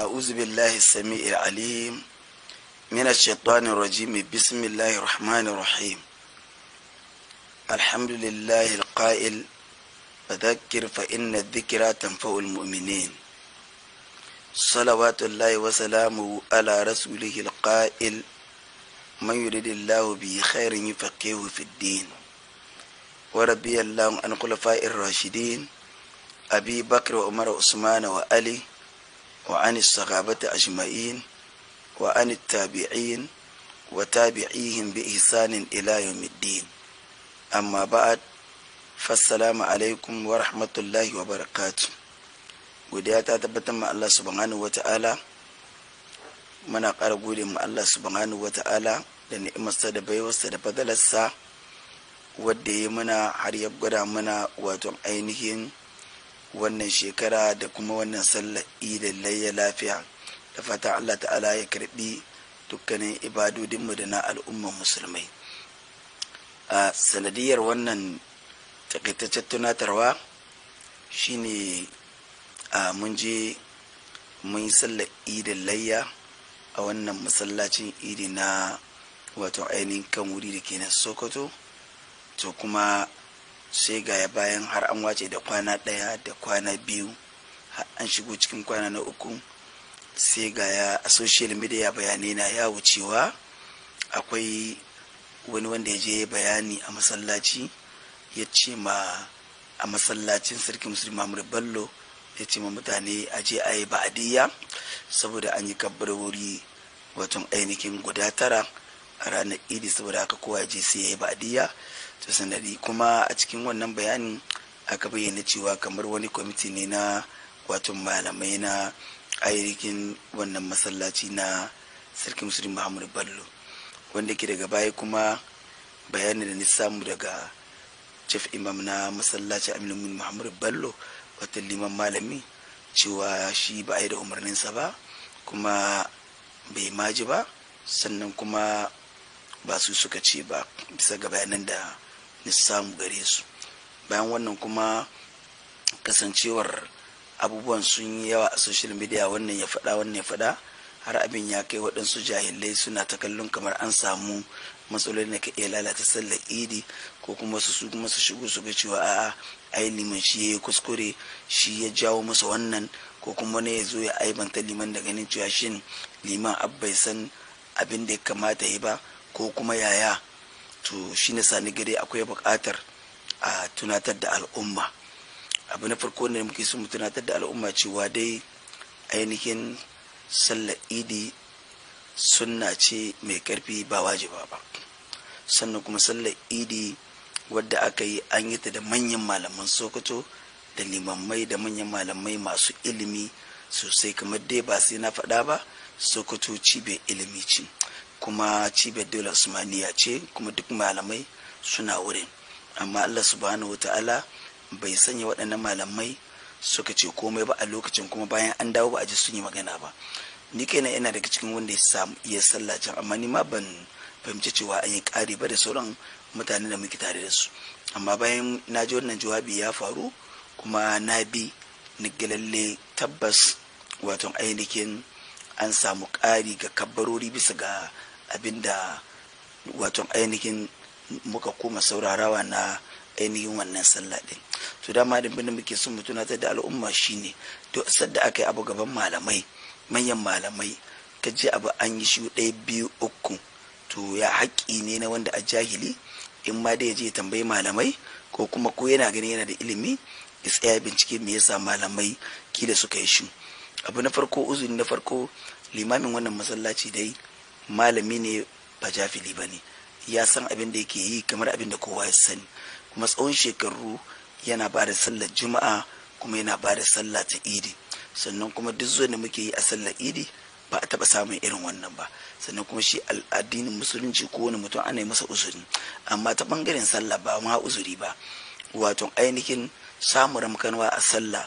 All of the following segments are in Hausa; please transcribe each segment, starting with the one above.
أعوذ بالله السميع العليم من الشيطان الرجيم بسم الله الرحمن الرحيم الحمد لله القائل فذكر فإن الذكرى تنفع المؤمنين صلوات الله وسلامه على رسوله القائل من يريد الله به خير يفقهه في الدين وربي الله عن خلفاء الراشدين أبي بكر وعمر وعثمان وعلي وعن الصحابة أجمعين وعن التابعين وتابعيهم بإحسان إلى يوم الدين أما بعد fassalamu alaikum wa rahmatullahi wa barakatu godiya ta tabbatar ma Allah subhanahu wata'ala muna ƙara gode ma Allah subhanahu wata'ala da ni'imarsa da baiwarsa da fadalarsa wadda ya muna har ya gwada mana wato ainihin wannan shekara da kuma wannan sallar idin layya lafiya da fata allah ta'ala ya karbi dukkanin ibadodinmu da na al'umman musulmai a sanadiyar wannan takaitaccen tunatarwa shine a mun je mun yi sallar idin layya a wannan masallacin idi na wato ainihin kan wuri da ke na sokoto to kuma sai ga ya bayan har an wace da kwana ɗaya da kwana biyu an shigo cikin kwana na uku sai ga ya a social media bayanai na ya wucewa akwai wani wanda ya je bayani a masallaci ya ce ma a masallacin sarki musulmi mamur bello ya ce ma mutane a je a yi ba'adiyya saboda an yi kabbar wuri watan ainihin guda tara a ranar idi saboda haka kowa je sai ya yi ba'adiyya ta sanadi kuma a cikin wannan bayanin aka bayyana cewa kamar wani kwamiti ne na wato malamai na ainihin wannan masallaci na sarki musulun muhammadu ballo wanda ke daga baya kuma bayanin da ni samu daga chief imam na masallaci aminu muhammadu ballo wata liman malami cewa shi ba a yi da umarninsa ba kuma bai maji ba sannan kuma ba su suka ce ba bisa ga bayanan da na samu gare su bayan wannan kuma kasancewar abubuwan sun yi yawa a social media wannan ya fada wannan ya fada har abin ya kai waɗansu jahilai suna ta kallon kamar an samu matsaloli da ka iya lalata sallar idi ko kuma su su kuma su shigo su ga cewa a'a ai liman shi yi kuskure shi ya jawo masa wannan ko kuma ne ya zo ya aibanta liman da ganin cewa shin liman abbai san abin da ya kamata yi ba ko kuma yaya to shi ne sani gare akwai bukatar a tunatar da al'umma abu na farko ne muke so mu tunatar da al'umma cewa dai ainihin sallar idi sunna ce mai karfi ba wajiba ba sannan kuma sallar idi wadda aka yi an yi ta da manyan malaman sokoto da limammai da manyan malamai masu ilimi sosai kamar dai ba sai na faɗa ba sokoto cibiyar ilimi ce kuma cibiyar dole usmaniya ce kuma duk malamai suna wurin amma allah subhanahu wata'ala bai sanya waɗannan malamai suka ce komai ba a lokacin kuma bayan an dawo ba a ji sun yi magana ba ni kenan yana daga cikin wanda ya samu iya sallah can amma ni ma ban fahimci cewa an yi ƙari ba da sauran mutane da muke tare da su amma bayan na ji wannan jawabi ya faru kuma na bi ni tabbas wato ainihin an samu ƙari ga kabarori bisa ga Abin da wato ainihin muka koma saurarawa na ainihin wannan sallah din to dama da bin muke son mu tunatar da al'umma shine to sadda aka yi abu gaban malamai manyan malamai ka je abu an yi shi ɗaya biyu uku to ya haƙƙi ne na wanda a jahili in ma da ya je tambayi malamai ko kuma ko yana gani yana da ilimi ya tsaya bincike me yasa malamai kila suka yi shi abu na farko uzuri na farko limamin wannan masallaci dai malami ne ba jafili ba ne ya san abin da yake yi kamar abin da kowa ya sani kuma tsawon shekaru yana ba da sallar juma'a kuma yana ba da sallah ta idi sannan kuma duk zuwa da muke yi a sallar idi ba a taba samun irin wannan ba sannan kuma shi addinin musulunci ko wani mutum ana yi masa uzuri amma ta bangaren sallah ba ma uzuri ba wato ainihin samun ramkanwa a sallah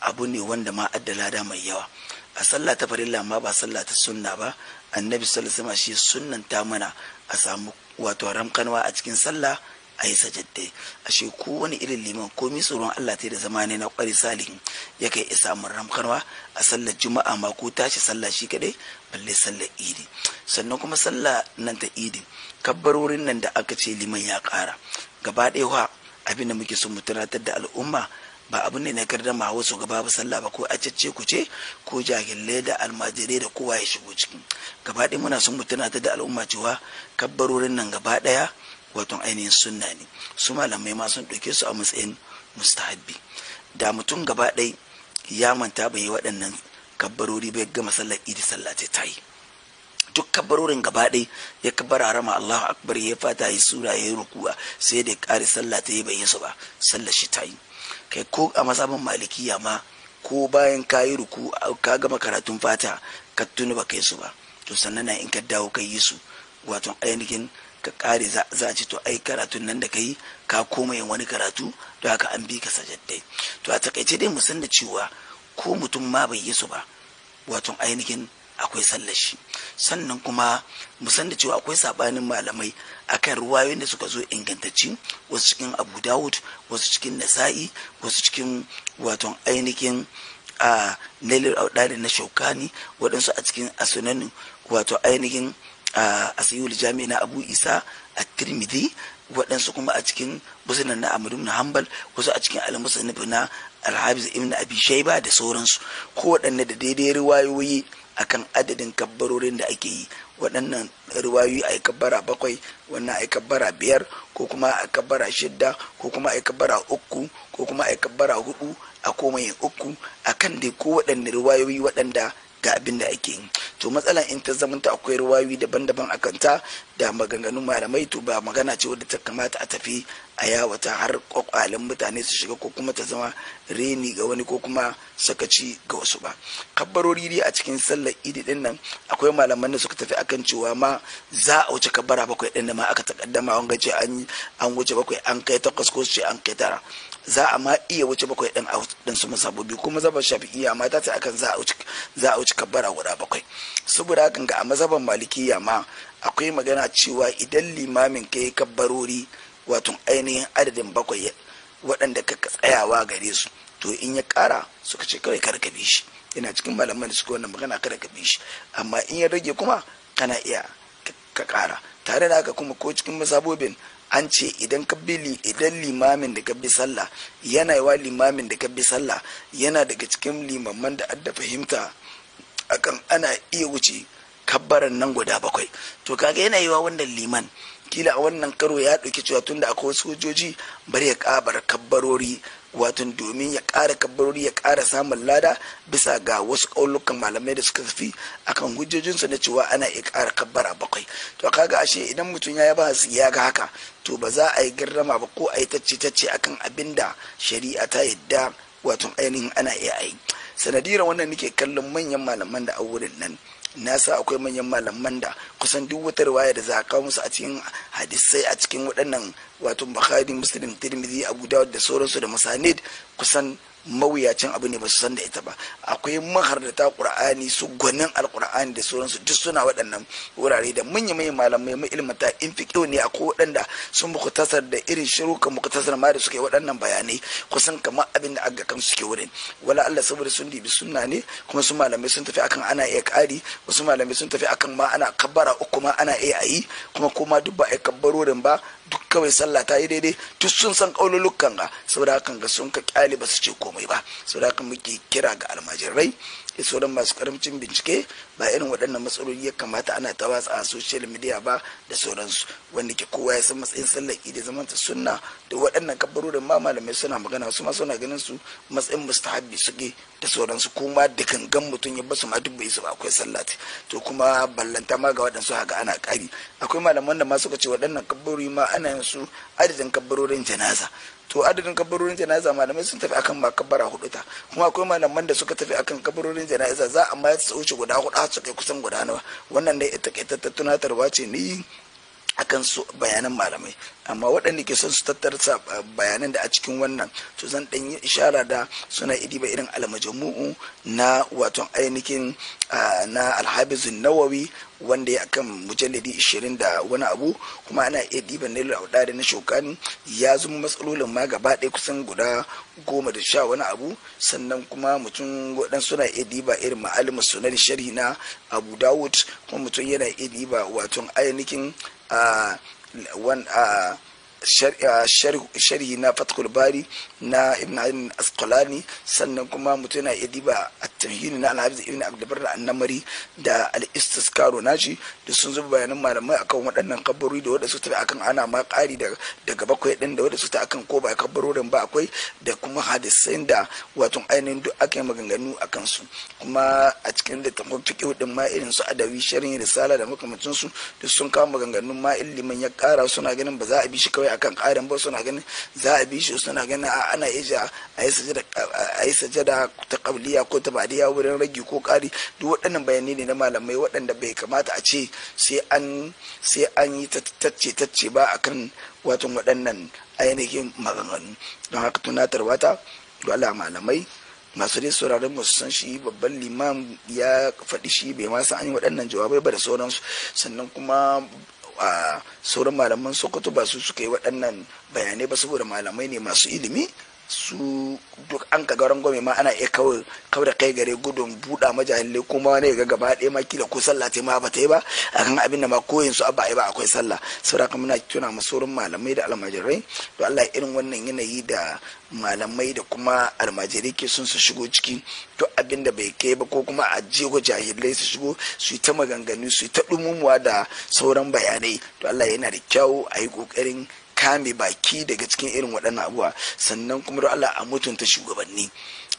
abu ne wanda ma addala lada mai yawa a sallah ta farilla ma ba sallah ta sunna ba annabi sallallahu alaihi shi sunnanta mana a samu wato ramkanwa a cikin sallah a yi sajadde a shi kowane irin liman komi tsoron Allah ta da zama ne na kwari salihin ya kai isa mun ramkanwa a sallar juma'a ma ko tashi sallah shi kadai balle sallar idi sannan kuma sallah nan ta idi kabbarorin nan da aka ce liman ya kara gaba ɗaya abin da muke so mu tunatar da al'umma ba abu ne na gardama hawa su gaba ba sallah ba ko a cece ku ce ko jahilai da almajirai da kowa ya shigo cikin gaba ɗaya muna son mu ta da al'umma cewa kabbarorin nan gaba ɗaya wato ainihin sunna ne su malamai ma sun ɗauke su a matsayin mustahabbi da mutum gaba ɗaya ya manta bai yi waɗannan kabbarori bai gama sallar idi sallah ta yi duk kabarorin gaba ɗai ya kabara rama Allahu akbar ya fata yi sura ya yi rukuwa sai da ƙari sallah ta yi bai yi su ba sallar shi ta yi kai ko a mazhabin malikiya ma ko bayan ka yi ruku ka gama karatun fata ka tuni ba kai su ba to sannan na in ka dawo ka yi su wato ainihin ka kare za a ci to ai karatun nan da ka yi ka koma yin wani karatu to haka an bi ka sajaddai to a takaice dai mu san da cewa ko mutum ma bai yi su ba wato ainihin akwai sallar shi sannan kuma mu san da cewa akwai sabanin malamai akan ruwayoyin da suka zo ingantacci wasu cikin abu dawud wasu cikin nasa'i wasu cikin waton ainihin a nailar audari na shaukani waɗansu a cikin asunan wato ainihin a asayul jami na abu isa a tirmidhi waɗansu kuma a cikin musulun na amadu na hambal wasu a cikin almusulun na alhabis ibn abi shaiba da sauransu ko waɗanne da daidai riwayoyi akan adadin kabbarorin da ake yi waɗannan riwayoyi a kabbara bakwai wannan a kabbara biyar ko kuma a kabbara shidda ko kuma a kabbara uku ko kuma a kabbara hudu a komai uku akan dai ko waɗanne riwayoyi waɗanda ga abin da ake yi to matsalan in ta zamanta akwai ruwayoyi daban-daban a kanta da maganganun malamai to ba magana ce wadda ta kamata a tafi a yawata har kwakwalen mutane su shiga ko kuma ta zama reni ga wani ko kuma sakaci ga wasu ba kabbarori dai a cikin sallar idi din nan akwai malaman da suka tafi akan cewa ma za a wuce kabbara bakwai din ma aka takaddama wanga ce an wuce bakwai an kai takwas ko ce an kai tara za a ma iya wuce bakwai ɗin a su musabobi kuma shafi iya ma ta ce akan za a wuce za a wuce kabbara guda bakwai saboda hakan ga a mazabar malikiya ma akwai magana cewa idan limamin ka yi kabbarori wato ainihin adadin bakwai waɗanda ka tsayawa gare su to in ya kara suka ce kawai kada ka bi shi yana cikin malaman da suka wannan magana kada ka bi shi amma in ya rage kuma kana iya ka kara. tare da haka kuma ko cikin masabobin an ce idan limamin da ka bi sallah yana wa limamin da ka bi sallah yana daga cikin limamman da adda fahimta akan ana iya wuce kabbaran nan guda bakwai to kaga yana yiwa wannan liman kila a wannan karo ya ɗauki cewa tunda akwai sojoji bari ya kabar kabbarori wato domin ya ƙara kabarori ya kara samun lada bisa ga wasu ƙaulukan malamai da suka fi akan hujjojinsu na cewa ana iya ƙara kabbara bakwai to kaga ashe idan mutum ya ba ya ga haka to ba za a yi girrama ba ko a yi tacce tacce akan abin da shari'a ta yadda wato ainihin ana iya ayi sanadiyar wannan nake kallon manyan malaman da a wurin nan na sa akwai manyan malaman da kusan duk wata riwaya da za a kawo musu a cikin hadisai a cikin waɗannan wato bukhari muslim tirmidhi abu dawud da sauransu da masanid kusan mawuyacin abu ne ba su san da ita ba akwai maharata qur'ani su gwanin alqur'ani da sauransu duk suna waɗannan wurare da manya manyan malamai mai ilmata in infiqo ne akwai waɗanda sun muku tasar da irin shiru kan muku tasar ma da suke waɗannan bayanai kusan kamar abin da aga kan suke wurin wala Allah saboda sun dibi sunna ne kuma su malamai sun tafi akan ana iya ƙari wasu malamai sun tafi akan ma ana kabbara uku ma ana iya ayi kuma kuma duk ba a kabbaro ba duk kawai sallah ta yi daidai tun sun san kaululukan ga saboda hakan ga sun ka kyale ba su ce komai ba saboda hakan muke kira ga almajirai da sauran masu karamcin bincike ba irin waɗannan matsaloli ya kamata ana ta watsa a social media ba da sauransu wanda ke kowa ya san matsayin sallar da zaman ta sunna da waɗannan kabarorin ma malamai suna magana su ma suna ganin su matsayin mustahabbi suke da sauransu kuma da gangan mutum ya basu ma duk bai su ba akwai sallati to kuma ballanta ma ga waɗansu haka ana ƙari akwai malaman da ma suka ce waɗannan kabbarori ma ana yin su adadin kabbarorin janaza to adadin kabarorin jana'iza malamai sun tafi akan makabara hudu ta kuma akwai malaman da suka tafi akan kabarorin jana'iza za a ma su wuce guda hudu har su kai kusan guda nawa wannan dai ita ke tunatarwa ce ni akan su bayanan malamai amma waɗanda ke son su tattarsa ah, bayanan da a cikin wannan to zan ɗan yi ishara da suna idiba irin almajamu'u na wato ainihin ah, na alhabizun nawawi wanda ya kan mujalladi 20 da wani abu kuma ana iya ba na lauda da na shokani ya zama matsalolin ma gaba ɗaya kusan guda goma da sha wani abu sannan kuma mutum waɗanda suna iya diba irin ma'alimin sunan sharhi na abu dawud kuma mutum yana iya diba wato ainihin Aa, wan uh, uh sharhi na fatkul bari na ibn hajjin asqalani sannan kuma mutum yana iya diba a tamhini na alhafiz ibn abdulbar na annamari da al na nashi da sun zuba bayanan malamai akan waɗannan kabbarori da waɗansu tafi akan ana ma ƙari daga bakwai ɗin da waɗansu ta akan ko ba kabbarorin ba akwai da kuma hadisai da wato ainihin duk aka yi maganganu a kansu kuma a cikin da tamar fiƙi ɗin ma irin su adawi sharhin risala da makamacinsu duk sun kawo maganganun ma liman ya ƙara suna ganin ba za a bi shi kawai kawai akan ƙarin ba suna ganin za a bi shi suna ganin ana iya a yi sajada ta ƙabliya ko ta badiya wurin ragi ko ƙari duk waɗannan bayanai ne na malamai waɗanda bai kamata a ce sai an yi tattace tacce ba akan watan waɗannan ainihin maganganu don haka tunatar wata dole malamai masu dai sauraron musu san shi babban limam ya faɗi shi bai ma san an yi waɗannan jawabai ba da sauransu sannan kuma a sauran malaman sokoto ba su suka yi waɗannan bayanai ba saboda malamai ne masu ilimi su duk an ka garan gome ma ana iya kawai kawai da kai gare gudun buɗa majahilai kuma wani ga gaba ɗaya ma kila ko sallah ta ma ba ta yi ba a kan abin da ma koyin su abba ba akwai sallah saboda muna tuna saurin malamai da almajirai to Allah irin wannan yanayi da malamai da kuma almajirai ke sun su shigo ciki to abin da bai kai ba ko kuma a jego jahilai su shigo su yi ta maganganu su yi ta ɗumumuwa da sauran bayanai to Allah yana da kyau a yi ƙoƙarin kame baki daga cikin irin waɗannan abuwa sannan kuma da Allah a mutunta shugabanni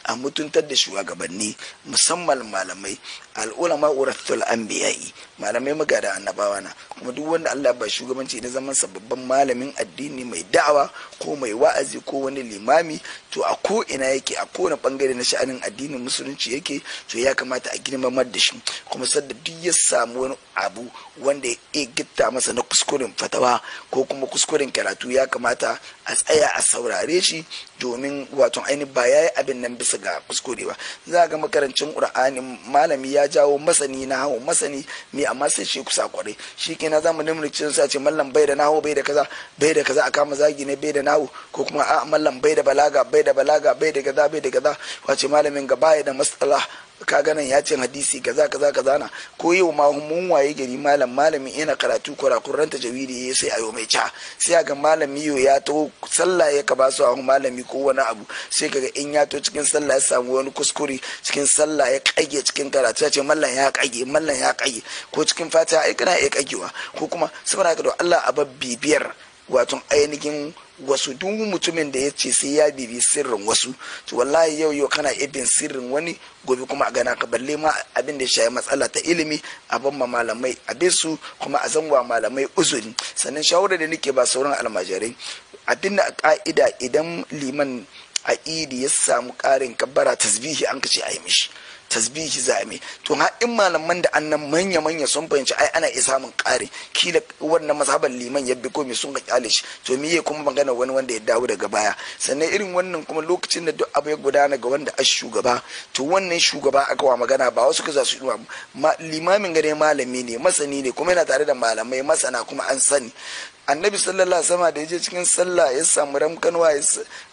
a mutuntar da shugabanni musamman malamai al'ulama urathul anbiya'i malamai magada annabawa na kuma duk wanda Allah ba shugabanci na zaman sa babban malamin addini mai da'awa ko mai wa'azi ko wani limami to a ko ina yake a kowane bangare na sha'anin addinin musulunci yake to ya kamata a girmamar da shi kuma sadda duk ya samu wani abu wanda ya gitta masa na kuskuren fatawa ko kuma kuskuren karatu ya kamata a tsaya a saurare shi domin wato aini ba ya yi abin nan bisa ga kuskure ba za ga makarancin ƙur'ani malami ya jawo masani na hawo masani mai amma sai shi kusa kwarai shi ke zamu zamanin mulkin sa ce mallam bai da na hawo bai da kaza bai da kaza a kama zagi ne bai da nahwu ko kuma a mallam bai da balaga bai da balaga bai da gaza bai da gaza wace malamin ga baya da matsala ka ganin ya ce hadisi gaza kaza kaza na ko yau ma mun waye gari malam malamin ina karatu kurakuranta jawidi ya sai ayo mai ca sai ga malami yo ya to sallah ya kaba su a malami ko wani abu sai kaga in ya to cikin sallah ya samu wani kuskure cikin sallah ya kage cikin karatu ya ce mallan ya kage mallan ya kage ko cikin fata ai kana ya kagewa ko kuma saboda haka Allah a bibiyar wato ainihin wasu duk mutumin da ya ce sai ya bibi sirrin wasu to wallahi yau yau kana ibin sirrin wani gobe kuma a gana ka balle ma abin da shaye matsala ta ilimi a ban ma malamai a su kuma a zanwa malamai uzuri sannan shawarar da nake ba sauran almajirai a dinna a ka'ida idan liman a idi ya samu karin kabbara tasbihi an ce a yi mishi tasbihi za a mai to ha in malaman da annan manya manya sun fahimci ai ana iya samun kare kila wannan mazhaban liman ya bi komai sun ga kyale shi to me ya kuma magana wani wanda ya dawo daga baya sannan irin wannan kuma lokacin da duk abu ya gudana ga wanda a shugaba to wannan shugaba aka wa magana ba wasu ka za su limamin gare malami ne masani ne kuma yana tare da malamai masana kuma an sani annabi sallallahu alaihi wasallam da yaje cikin sallah ya samu ramkanwa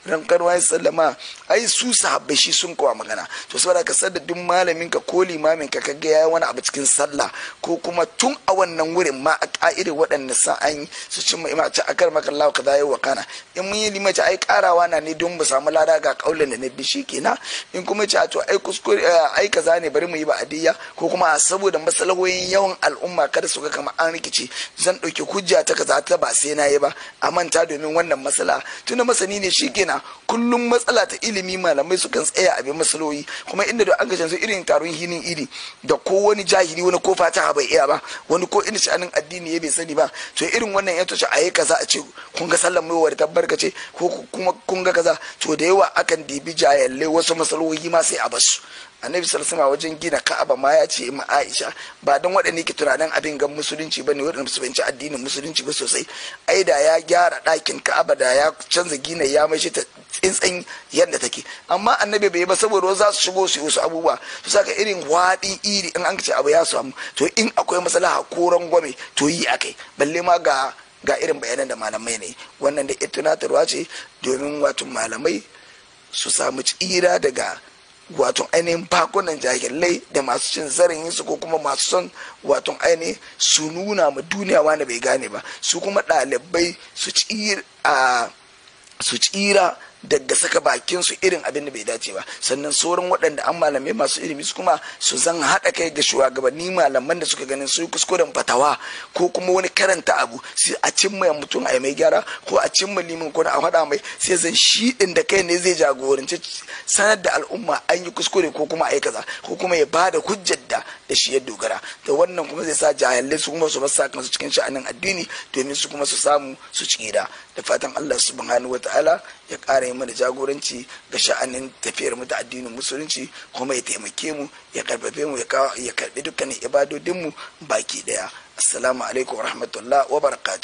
rankar ya sallama ai su sahabbai shi sun kawa magana to saboda ka da duk malamin ka ko limamin ka kaga yayi wani abu cikin sallah ko kuma tun a wannan wurin ma a ka'ire waɗanne sa an su cin ma imaci akar maka Allah ka dai wa kana in mun yi limaci ai karawa na ne don mu samu lada ga kaulin da na bi shi kenan in kuma ce to ai kuskure eh, ai kaza ne bari mu yi ba adiyya ko kuma saboda masalahoyin yawan al'umma kada su ga kamar an rikici zan ɗauki hujja ta kaza ta ba sai na yi ba a manta domin wannan masala tunda masani ne shi kenan kullum matsala ta ilimi malamai sukan tsaya a bin masaloyi kuma inda da an gajen su irin taron hinin iri da ko wani jahili wani ko fataha bai iya ba wani ko inda sha'anin addini ya bai sani ba to irin wannan ya tashi a yi kaza a ce kun ga sallan ta tabbarka ce ko kuma kun ga kaza to da yawa akan dibi jayalle wasu masalohi ma sai a basu annabi sallallahu wajen gina ka'aba ma ya ce ma aisha ba dan waɗanne ke tunanin abin gan musulunci bane waɗanda su fahimci addinin musulunci ba sosai ai da ya gyara ɗakin ka'aba da ya canza gina ya mai shi ta tsintsin yadda take amma annabi bai ba saboda za su shigo su yi abubuwa su saka irin waɗi iri in an ce abu ya samu to in akwai maslaha ko gwame to yi akai balle ma ga ga irin bayanan da malamai ne wannan da tunatarwa ce domin wato malamai su samu tsira daga wato ainihin bakunan jahilai da masu cin zarin su ko kuma masu son wato ainihin su nuna ma duniya wani bai gane ba su kuma ɗalibai su tsira daga saka bakin su irin abin da bai dace ba sannan sauran waɗanda an malamai masu ilimi su kuma su zan haɗa kai ga shugabanni malaman da suka ganin su kuskuren fatawa ko kuma wani karanta abu sai a cimma mutum a mai gyara ko a cimma limin ko a faɗa mai sai zan shi ɗin da kai ne zai jagoranci sanar da al'umma an yi kuskure ko kuma ai kaza ko kuma ya bada hujjar da da shi ya dogara da wannan kuma zai sa jahilai su kuma su masa kansu cikin sha'anin addini domin su kuma su samu su ci da da fatan Allah subhanahu wataala ya ƙara mana jagoranci ga sha'anin tafiyar mu da addinin musulunci kuma ya taimake mu ya karfafe mu ya karbi dukkanin ibadodin mu baki daya assalamu alaikum warahmatullahi wabarakatuh